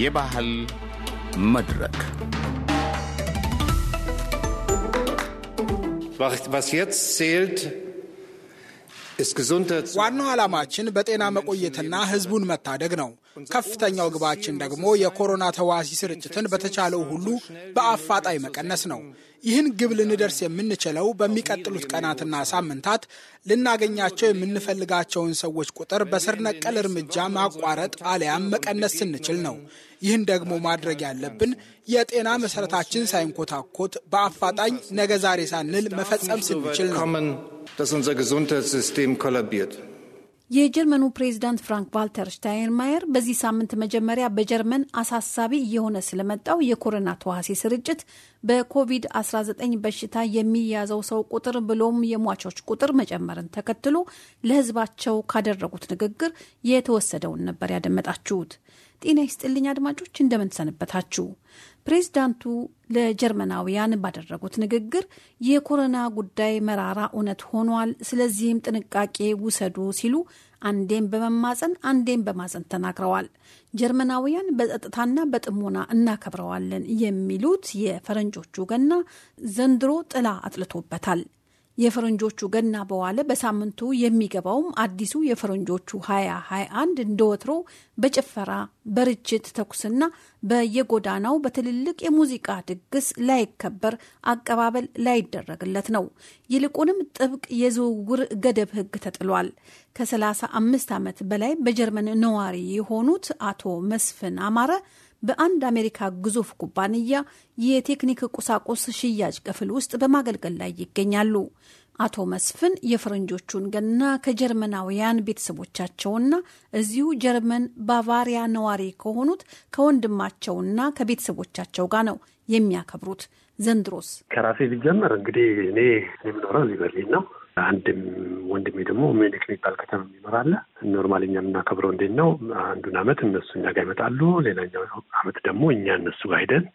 የባህል መድረክ ዋናው ዓላማችን በጤና መቆየትና ሕዝቡን መታደግ ነው። ከፍተኛው ግባችን ደግሞ የኮሮና ተዋሲ ስርጭትን በተቻለው ሁሉ በአፋጣኝ መቀነስ ነው። ይህን ግብ ልንደርስ የምንችለው በሚቀጥሉት ቀናትና ሳምንታት ልናገኛቸው የምንፈልጋቸውን ሰዎች ቁጥር በስር ነቀል እርምጃ ማቋረጥ አሊያም መቀነስ ስንችል ነው። ይህን ደግሞ ማድረግ ያለብን የጤና መሰረታችን ሳይንኮታኮት በአፋጣኝ ነገ ዛሬ ሳንል መፈጸም ስንችል ነው። የጀርመኑ ፕሬዚዳንት ፍራንክ ቫልተር ሽታይንማየር በዚህ ሳምንት መጀመሪያ በጀርመን አሳሳቢ እየሆነ ስለመጣው የኮሮና ተዋሲ ስርጭት በኮቪድ-19 በሽታ የሚያዘው ሰው ቁጥር ብሎም የሟቾች ቁጥር መጨመርን ተከትሎ ለሕዝባቸው ካደረጉት ንግግር የተወሰደውን ነበር ያደመጣችሁት። ጤና ይስጥልኝ አድማጮች፣ እንደምንሰንበታችሁ። ፕሬዚዳንቱ ለጀርመናውያን ባደረጉት ንግግር የኮሮና ጉዳይ መራራ እውነት ሆኗል፣ ስለዚህም ጥንቃቄ ውሰዱ ሲሉ አንዴም በመማፀን አንዴም በማዘን ተናግረዋል። ጀርመናውያን በጸጥታና በጥሞና እናከብረዋለን የሚሉት የፈረንጆቹ ገና ዘንድሮ ጥላ አጥልቶበታል። የፈረንጆቹ ገና በዋለ በሳምንቱ የሚገባውም አዲሱ የፈረንጆቹ 2021 እንደወትሮ በጭፈራ በርችት ተኩስና በየጎዳናው በትልልቅ የሙዚቃ ድግስ ላይከበር፣ አቀባበል ላይደረግለት ነው። ይልቁንም ጥብቅ የዝውውር ገደብ ሕግ ተጥሏል። ከ35 ዓመት በላይ በጀርመን ነዋሪ የሆኑት አቶ መስፍን አማረ በአንድ አሜሪካ ግዙፍ ኩባንያ የቴክኒክ ቁሳቁስ ሽያጭ ክፍል ውስጥ በማገልገል ላይ ይገኛሉ። አቶ መስፍን የፈረንጆቹን ገና ከጀርመናውያን ቤተሰቦቻቸውና እዚሁ ጀርመን ባቫሪያ ነዋሪ ከሆኑት ከወንድማቸውና ከቤተሰቦቻቸው ጋር ነው የሚያከብሩት። ዘንድሮስ ከራሴ ቢጀመር እንግዲህ እኔ የምኖረው እዚህ በርሊን ነው። አንድም ወንድሜ ደግሞ ሚኒክ የሚባል ከተማ ይኖራል። ኖርማል እኛ የምናከብረው እንዴት ነው? አንዱን አመት እነሱ እኛ ጋር ይመጣሉ፣ ሌላኛው አመት ደግሞ እኛ እነሱ ጋር ሄደን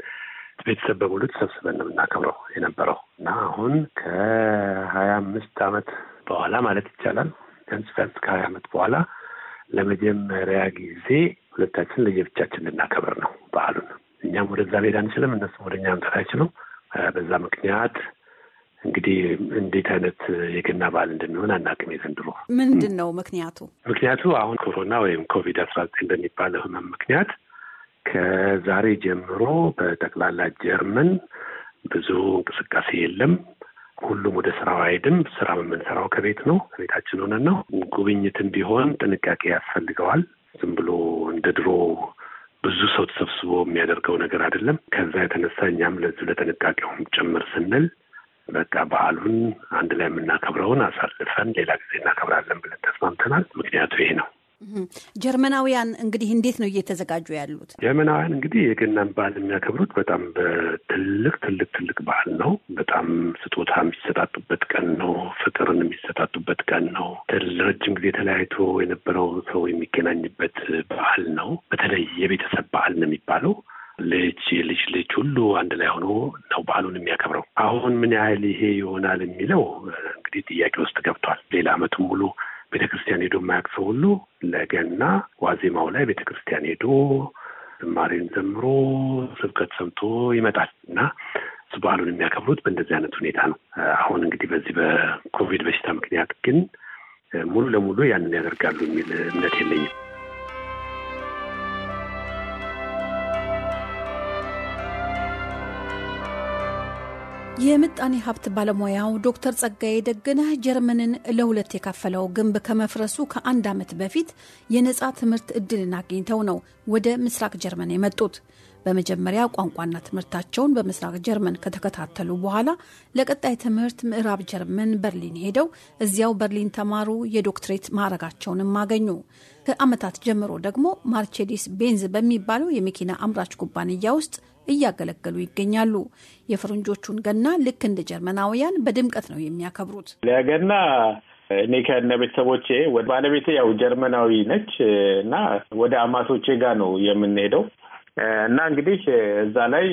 ቤተሰብ በሙሉ ተሰብስበን ነው የምናከብረው የነበረው እና አሁን ከሀያ አምስት ዓመት በኋላ ማለት ይቻላል ቢያንስ ቢያንስ ከሀያ አመት በኋላ ለመጀመሪያ ጊዜ ሁለታችን ለየብቻችን ልናከብር ነው በዓሉን። እኛም ወደዛ መሄድ አንችልም፣ እነሱም ወደ እኛ መምጣት አይችሉም። በዛ ምክንያት እንግዲህ እንዴት አይነት የገና በዓል እንደሚሆን አናቅም። የዘንድሮ ምንድን ነው ምክንያቱ? ምክንያቱ አሁን ኮሮና ወይም ኮቪድ አስራ ዘጠኝ በሚባለው ህመም ምክንያት ከዛሬ ጀምሮ በጠቅላላ ጀርመን ብዙ እንቅስቃሴ የለም። ሁሉም ወደ ስራው አይድም። ስራ የምንሰራው ከቤት ነው፣ ከቤታችን ሆነን ነው። ጉብኝትም ቢሆን ጥንቃቄ ያስፈልገዋል። ዝም ብሎ እንደ ድሮ ብዙ ሰው ተሰብስቦ የሚያደርገው ነገር አይደለም። ከዛ የተነሳ እኛም ለዚሁ ለጥንቃቄውም ጭምር ስንል በቃ በዓሉን አንድ ላይ የምናከብረውን አሳልፈን ሌላ ጊዜ እናከብራለን ብለን ተስማምተናል። ምክንያቱ ይሄ ነው። ጀርመናውያን እንግዲህ እንዴት ነው እየተዘጋጁ ያሉት? ጀርመናውያን እንግዲህ የገናን በዓል የሚያከብሩት በጣም በትልቅ ትልቅ ትልቅ በዓል ነው። በጣም ስጦታ የሚሰጣጡበት ቀን ነው። ፍቅርን የሚሰጣጡበት ቀን ነው። ለረጅም ጊዜ ተለያይቶ የነበረው ሰው የሚገናኝበት በዓል ነው። በተለይ የቤተሰብ በዓል ነው የሚባለው ልጅ ልጅ ልጅ ሁሉ አንድ ላይ ሆኖ ነው በዓሉን የሚያከብረው። አሁን ምን ያህል ይሄ ይሆናል የሚለው እንግዲህ ጥያቄ ውስጥ ገብቷል። ሌላ ዓመቱን ሙሉ ቤተ ክርስቲያን ሄዶ የማያውቅ ሰው ሁሉ ለገና ዋዜማው ላይ ቤተ ክርስቲያን ሄዶ ዝማሬን ዘምሮ ስብከት ሰምቶ ይመጣል እና እሱ ባህሉን የሚያከብሩት በእንደዚህ አይነት ሁኔታ ነው። አሁን እንግዲህ በዚህ በኮቪድ በሽታ ምክንያት ግን ሙሉ ለሙሉ ያንን ያደርጋሉ የሚል እምነት የለኝም። የምጣኔ ሀብት ባለሙያው ዶክተር ጸጋዬ ደግነ ጀርመንን ለሁለት የከፈለው ግንብ ከመፍረሱ ከአንድ ዓመት በፊት የነጻ ትምህርት እድልን አግኝተው ነው ወደ ምስራቅ ጀርመን የመጡት። በመጀመሪያ ቋንቋና ትምህርታቸውን በምስራቅ ጀርመን ከተከታተሉ በኋላ ለቀጣይ ትምህርት ምዕራብ ጀርመን በርሊን ሄደው እዚያው በርሊን ተማሩ። የዶክትሬት ማዕረጋቸውንም አገኙ። ከዓመታት ጀምሮ ደግሞ ማርቼዲስ ቤንዝ በሚባለው የመኪና አምራች ኩባንያ ውስጥ እያገለገሉ ይገኛሉ። የፈረንጆቹን ገና ልክ እንደ ጀርመናውያን በድምቀት ነው የሚያከብሩት። ለገና እኔ ከነ ቤተሰቦቼ ባለቤቴ ያው ጀርመናዊ ነች እና ወደ አማቶቼ ጋር ነው የምንሄደው እና እንግዲህ እዛ ላይ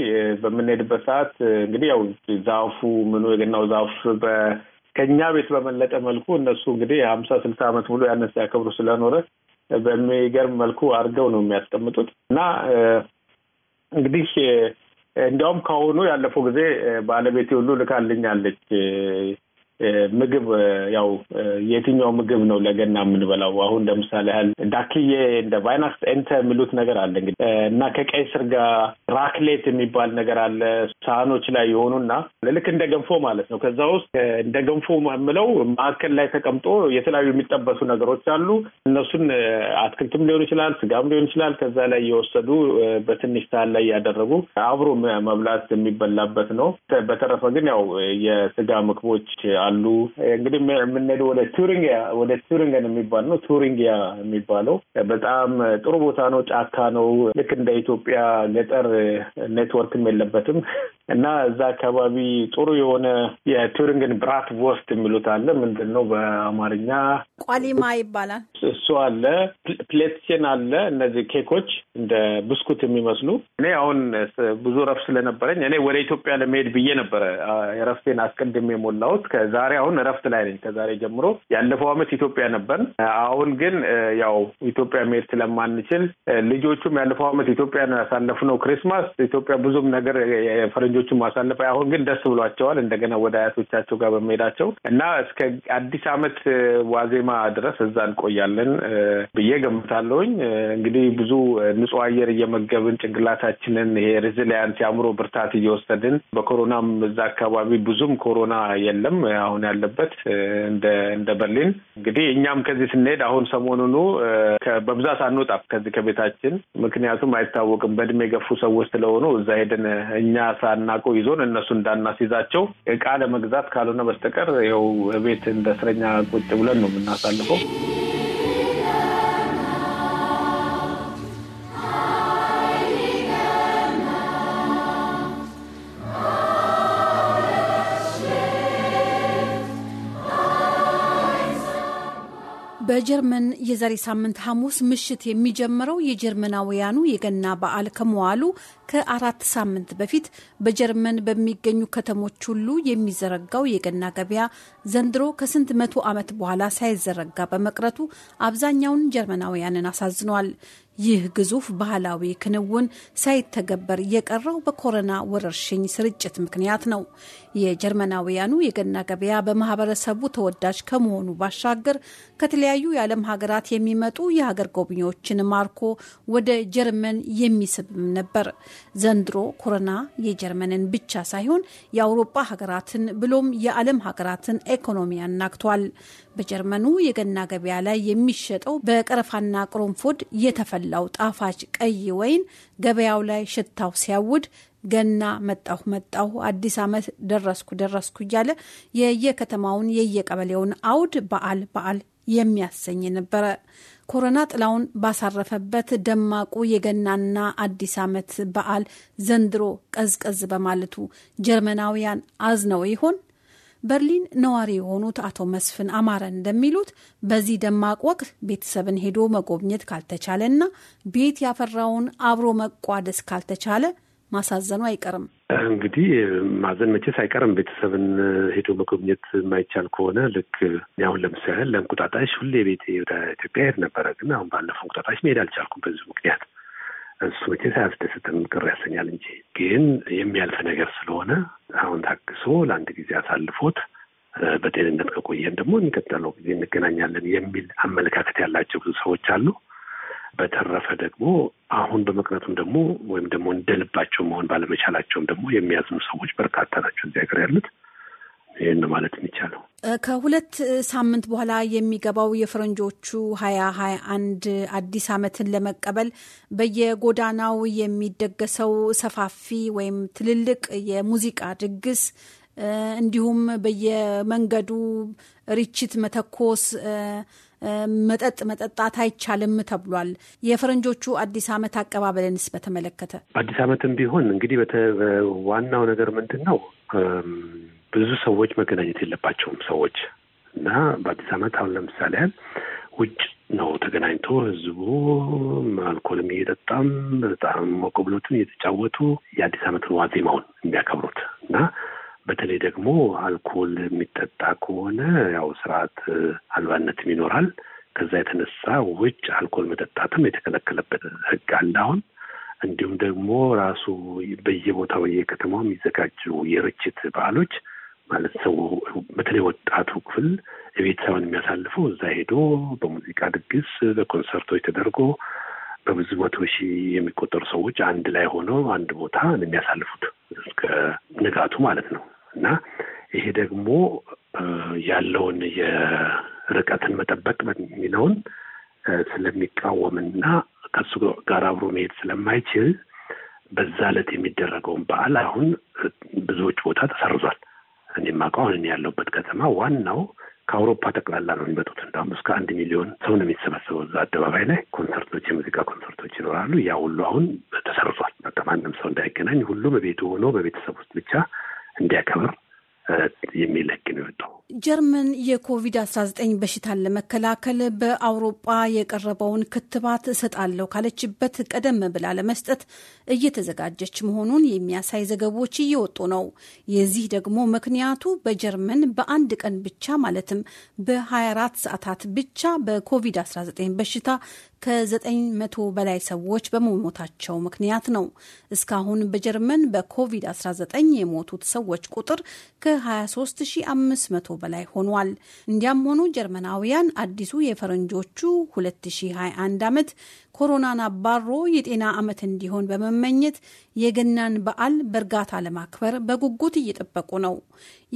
በምንሄድበት ሰዓት እንግዲህ ያው ዛፉ ምኑ የገናው ዛፍ ከኛ ቤት በመለጠ መልኩ እነሱ እንግዲህ የሀምሳ ስልሳ ዓመት ሙሉ ያነሳ ያከብሩ ስለኖረ በሚገርም መልኩ አድርገው ነው የሚያስቀምጡት እና እንግዲህ እንዲያውም ከአሁኑ ያለፈው ጊዜ ባለቤቴ ሁሉ ልካልኛለች ምግብ ያው የትኛው ምግብ ነው ለገና የምንበላው? አሁን ለምሳሌ ያህል ዳክዬ እንደ ባይናክስ ኤንተ የሚሉት ነገር አለ እንግዲህ እና ከቀይ ስር ጋር ራክሌት የሚባል ነገር አለ ሳህኖች ላይ የሆኑና ልክ እንደ ገንፎ ማለት ነው። ከዛ ውስጥ እንደ ገንፎ የምለው ማዕከል ላይ ተቀምጦ የተለያዩ የሚጠበሱ ነገሮች አሉ። እነሱን አትክልትም ሊሆን ይችላል፣ ስጋም ሊሆን ይችላል። ከዛ ላይ እየወሰዱ በትንሽ ሳህን ላይ ያደረጉ አብሮ መብላት የሚበላበት ነው። በተረፈ ግን ያው የስጋ ምግቦች አሉ። እንግዲህ የምንሄደው ወደ ቱሪንግያ ወደ ቱሪንገን የሚባል ነው። ቱሪንግያ የሚባለው በጣም ጥሩ ቦታ ነው። ጫካ ነው። ልክ እንደ ኢትዮጵያ ገጠር ኔትወርክም የለበትም። እና እዛ አካባቢ ጥሩ የሆነ የቱሪንግን ብራት ወስት የሚሉት አለ። ምንድን ነው በአማርኛ ቋሊማ ይባላል። እሱ አለ፣ ፕሌትሴን አለ። እነዚህ ኬኮች እንደ ብስኩት የሚመስሉ እኔ አሁን ብዙ ረፍ ስለነበረኝ እኔ ወደ ኢትዮጵያ ለመሄድ ብዬ ነበረ የረፍቴን አስቀድሜ የሞላሁት። ከዛሬ አሁን እረፍት ላይ ነኝ። ከዛሬ ጀምሮ ያለፈው አመት ኢትዮጵያ ነበር። አሁን ግን ያው ኢትዮጵያ መሄድ ስለማንችል ልጆቹም ያለፈው አመት ኢትዮጵያ ነው ያሳለፍነው ክሪስማስ ኢትዮጵያ ብዙም ነገር የፈረንጆ ልጆቹ ማሳለፍ አሁን ግን ደስ ብሏቸዋል እንደገና ወደ አያቶቻቸው ጋር በመሄዳቸው እና እስከ አዲስ አመት ዋዜማ ድረስ እዛ እንቆያለን ብዬ ገምታለሁኝ። እንግዲህ ብዙ ንጹህ አየር እየመገብን ጭንቅላታችንን ይሄ ሬዚሊያንስ የአእምሮ ብርታት እየወሰድን በኮሮናም እዛ አካባቢ ብዙም ኮሮና የለም አሁን ያለበት እንደ በርሊን እንግዲህ እኛም ከዚህ ስንሄድ አሁን ሰሞኑኑ በብዛት አንወጣም ከዚህ ከቤታችን ምክንያቱም አይታወቅም በእድሜ የገፉ ሰዎች ስለሆኑ እዛ ሄደን እኛ ሳና አጠናቆ ይዞን እነሱ እንዳናስይዛቸው እቃ ለመግዛት ካልሆነ በስተቀር ይኸው ቤት እንደ እስረኛ ቁጭ ብለን ነው የምናሳልፈው። በጀርመን የዛሬ ሳምንት ሐሙስ ምሽት የሚጀምረው የጀርመናውያኑ የገና በዓል ከመዋሉ ከአራት ሳምንት በፊት በጀርመን በሚገኙ ከተሞች ሁሉ የሚዘረጋው የገና ገበያ ዘንድሮ ከስንት መቶ ዓመት በኋላ ሳይዘረጋ በመቅረቱ አብዛኛውን ጀርመናውያንን አሳዝኗል። ይህ ግዙፍ ባህላዊ ክንውን ሳይተገበር የቀረው በኮሮና ወረርሽኝ ስርጭት ምክንያት ነው። የጀርመናውያኑ የገና ገበያ በማህበረሰቡ ተወዳጅ ከመሆኑ ባሻገር ከተለያዩ የዓለም ሀገራት የሚመጡ የሀገር ጎብኚዎችን ማርኮ ወደ ጀርመን የሚስብም ነበር። ዘንድሮ ኮሮና የጀርመንን ብቻ ሳይሆን የአውሮፓ ሀገራትን ብሎም የዓለም ሀገራትን ኢኮኖሚ አናግቷል። በጀርመኑ የገና ገበያ ላይ የሚሸጠው በቀረፋና ቅርንፉድ የተፈላው ጣፋጭ ቀይ ወይን ገበያው ላይ ሽታው ሲያውድ ገና መጣሁ መጣሁ አዲስ ዓመት ደረስኩ ደረስኩ እያለ የየከተማውን የየቀበሌውን አውድ በዓል በዓል የሚያሰኝ ነበረ። ኮሮና ጥላውን ባሳረፈበት ደማቁ የገናና አዲስ ዓመት በዓል ዘንድሮ ቀዝቀዝ በማለቱ ጀርመናውያን አዝነው ይሆን? በርሊን ነዋሪ የሆኑት አቶ መስፍን አማረ እንደሚሉት በዚህ ደማቅ ወቅት ቤተሰብን ሄዶ መጎብኘት ካልተቻለና ቤት ያፈራውን አብሮ መቋደስ ካልተቻለ ማሳዘኑ አይቀርም። እንግዲህ ማዘን መቼስ አይቀርም። ቤተሰብን ሄዶ መጎብኘት የማይቻል ከሆነ ልክ አሁን ለምሳሌ ለእንቁጣጣሽ ሁሌ ቤቴ ወደ ኢትዮጵያ ሄድ ነበረ፣ ግን አሁን ባለፈው እንቁጣጣሽ መሄድ አልቻልኩም በዚሁ ምክንያት። እሱ መቼስ አያስደስትም፣ ቅር ያሰኛል እንጂ ግን የሚያልፍ ነገር ስለሆነ አሁን ታግሶ ለአንድ ጊዜ አሳልፎት በጤንነት ከቆየን ደግሞ የሚቀጥለው ጊዜ እንገናኛለን የሚል አመለካከት ያላቸው ብዙ ሰዎች አሉ። በተረፈ ደግሞ አሁን በመቅረቱም ደግሞ ወይም ደግሞ እንደልባቸው መሆን ባለመቻላቸውም ደግሞ የሚያዝኑ ሰዎች በርካታ ናቸው እዚህ ሀገር ያሉት። ይህን ማለት የሚቻለው ከሁለት ሳምንት በኋላ የሚገባው የፈረንጆቹ ሀያ ሀያ አንድ አዲስ ዓመትን ለመቀበል በየጎዳናው የሚደገሰው ሰፋፊ ወይም ትልልቅ የሙዚቃ ድግስ እንዲሁም በየመንገዱ ርችት መተኮስ መጠጥ መጠጣት አይቻልም ተብሏል። የፈረንጆቹ አዲስ አመት አቀባበልንስ በተመለከተ አዲስ አመትም ቢሆን እንግዲህ ዋናው ነገር ምንድን ነው? ብዙ ሰዎች መገናኘት የለባቸውም ሰዎች እና በአዲስ ዓመት አሁን ለምሳሌ ያህል ውጭ ነው ተገናኝቶ ህዝቡ አልኮልም እየጠጣም በጣም ሞቅ ብሎትን እየተጫወቱ የአዲስ ዓመትን ዋዜማውን የሚያከብሩት እና በተለይ ደግሞ አልኮል የሚጠጣ ከሆነ ያው ስርዓት አልባነትም ይኖራል። ከዛ የተነሳ ውጭ አልኮል መጠጣትም የተከለከለበት ህግ አለ አሁን። እንዲሁም ደግሞ ራሱ በየቦታው የከተማው የሚዘጋጁ የርችት በዓሎች ማለት ሰው በተለይ ወጣቱ ክፍል ቤተሰብን የሚያሳልፈው እዛ ሄዶ በሙዚቃ ድግስ፣ በኮንሰርቶች ተደርጎ በብዙ መቶ ሺህ የሚቆጠሩ ሰዎች አንድ ላይ ሆነው አንድ ቦታ የሚያሳልፉት እስከ ንጋቱ ማለት ነው። እና ይሄ ደግሞ ያለውን የርቀትን መጠበቅ የሚለውን ስለሚቃወምና ከሱ ጋር አብሮ መሄድ ስለማይችል በዛ ዕለት የሚደረገውን በዓል አሁን ብዙዎች ቦታ ተሰርዟል። እኔ የማውቀው አሁን ያለሁበት ከተማ ዋናው ከአውሮፓ ጠቅላላ ነው የሚመጡት። እንዳውም እስከ አንድ ሚሊዮን ሰው ነው የሚሰበሰበው እዛ አደባባይ ላይ ኮንሰርቶች፣ የሙዚቃ ኮንሰርቶች ይኖራሉ። ያ ሁሉ አሁን ተሰርዟል። በቃ ማንም ሰው እንዳይገናኝ ሁሉ በቤቱ ሆኖ በቤተሰብ ውስጥ ብቻ Deco. የሚል ህግ ነው የወጣው። ጀርመን የኮቪድ አስራ ዘጠኝ በሽታን ለመከላከል በአውሮጳ የቀረበውን ክትባት እሰጣለሁ ካለችበት ቀደም ብላ ለመስጠት እየተዘጋጀች መሆኑን የሚያሳይ ዘገቦች እየወጡ ነው። የዚህ ደግሞ ምክንያቱ በጀርመን በአንድ ቀን ብቻ ማለትም በ24 ሰዓታት ብቻ በኮቪድ-19 በሽታ ከ900 በላይ ሰዎች በመሞታቸው ምክንያት ነው። እስካሁን በጀርመን በኮቪድ-19 የሞቱት ሰዎች ቁጥር ከ 23500 በላይ ሆኗል። እንዲያም ሆኑ ጀርመናውያን አዲሱ የፈረንጆቹ 2021 ዓመት ኮሮናን አባሮ የጤና ዓመት እንዲሆን በመመኘት የገናን በዓል በእርጋታ ለማክበር በጉጉት እየጠበቁ ነው።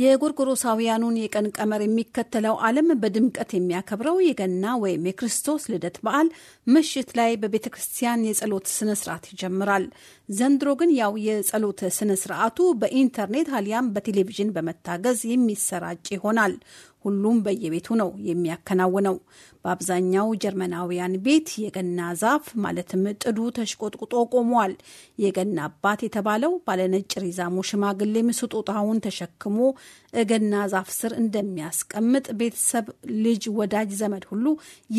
የጎርጎሮሳውያኑን የቀን ቀመር የሚከተለው ዓለም በድምቀት የሚያከብረው የገና ወይም የክርስቶስ ልደት በዓል ምሽት ላይ በቤተ ክርስቲያን የጸሎት ስነ ስርዓት ይጀምራል። ዘንድሮ ግን ያው የጸሎት ስነ ስርዓቱ በኢንተርኔት አሊያም በቴሌቪዥን በመታገዝ የሚሰራጭ ይሆናል። ሁሉም በየቤቱ ነው የሚያከናውነው። በአብዛኛው ጀርመናውያን ቤት የገና ዛፍ ማለትም ጥዱ ተሽቆጥቁጦ ቆሟል። የገና አባት የተባለው ባለነጭ ሪዛሙ ሽማግሌም ስጦታውን ተሸክሞ እገና ዛፍ ስር እንደሚያስቀምጥ ቤተሰብ፣ ልጅ፣ ወዳጅ ዘመድ ሁሉ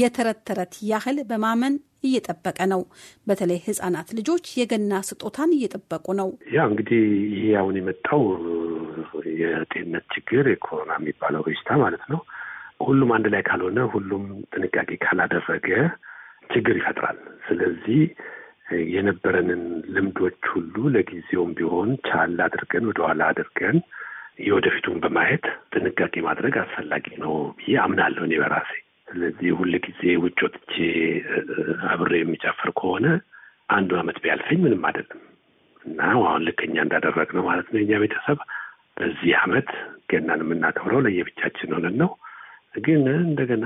የተረት ተረት ያህል በማመን እየጠበቀ ነው። በተለይ ህጻናት ልጆች የገና ስጦታን እየጠበቁ ነው። ያ እንግዲህ ይህ አሁን የመጣው የጤንነት ችግር የኮሮና የሚባለው በሽታ ማለት ነው። ሁሉም አንድ ላይ ካልሆነ፣ ሁሉም ጥንቃቄ ካላደረገ ችግር ይፈጥራል። ስለዚህ የነበረንን ልምዶች ሁሉ ለጊዜውም ቢሆን ቻል አድርገን ወደኋላ አድርገን የወደፊቱን በማየት ጥንቃቄ ማድረግ አስፈላጊ ነው ብዬ አምናለሁ እኔ በራሴ። ስለዚህ ሁል ጊዜ ውጭ ወጥቼ አብሬ የሚጨፍር ከሆነ አንዱ አመት ቢያልፈኝ ምንም አይደለም እና አሁን ልክ እኛ እንዳደረግ ነው ማለት ነው። የኛ ቤተሰብ በዚህ አመት ገናን የምናከብረው ለየብቻችን ሆነን ነው። ግን እንደገና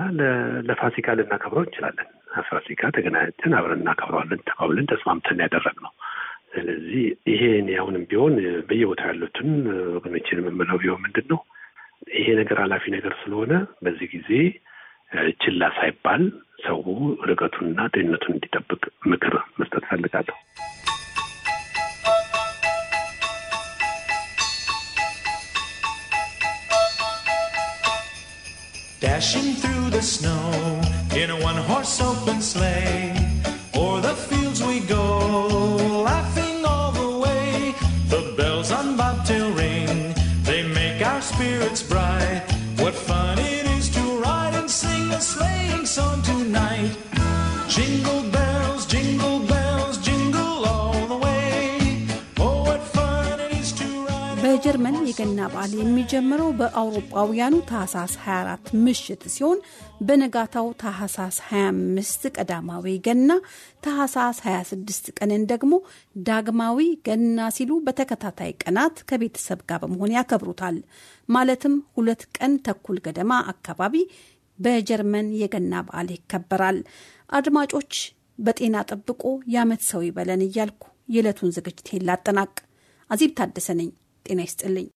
ለፋሲካ ልናከብረው እንችላለን። ፋሲካ ተገናኝተን አብረን እናከብረዋለን ተባብለን ተስማምተን ያደረግ ነው። ስለዚህ ይሄን አሁንም ቢሆን በየቦታው ያሉትን ወገኖችን የምመለው ቢሆን ምንድን ነው ይሄ ነገር ኃላፊ ነገር ስለሆነ በዚህ ጊዜ ችላ ሳይባል ሰው ርቀቱንና ጤንነቱን እንዲጠብቅ ምክር መስጠት ፈልጋለሁ። Dashing through the snow in a one horse open sleigh. የገና በዓል የሚጀምረው በአውሮጳውያኑ ታህሳስ 24 ምሽት ሲሆን በነጋታው ታህሳስ 25 ቀዳማዊ ገና፣ ታህሳስ 26 ቀንን ደግሞ ዳግማዊ ገና ሲሉ በተከታታይ ቀናት ከቤተሰብ ጋር በመሆን ያከብሩታል። ማለትም ሁለት ቀን ተኩል ገደማ አካባቢ በጀርመን የገና በዓል ይከበራል። አድማጮች በጤና ጠብቆ የአመት ሰው ይበለን እያልኩ የዕለቱን ዝግጅት ላጠናቅ። አዜብ ታደሰ ነኝ። ጤና ይስጥልኝ።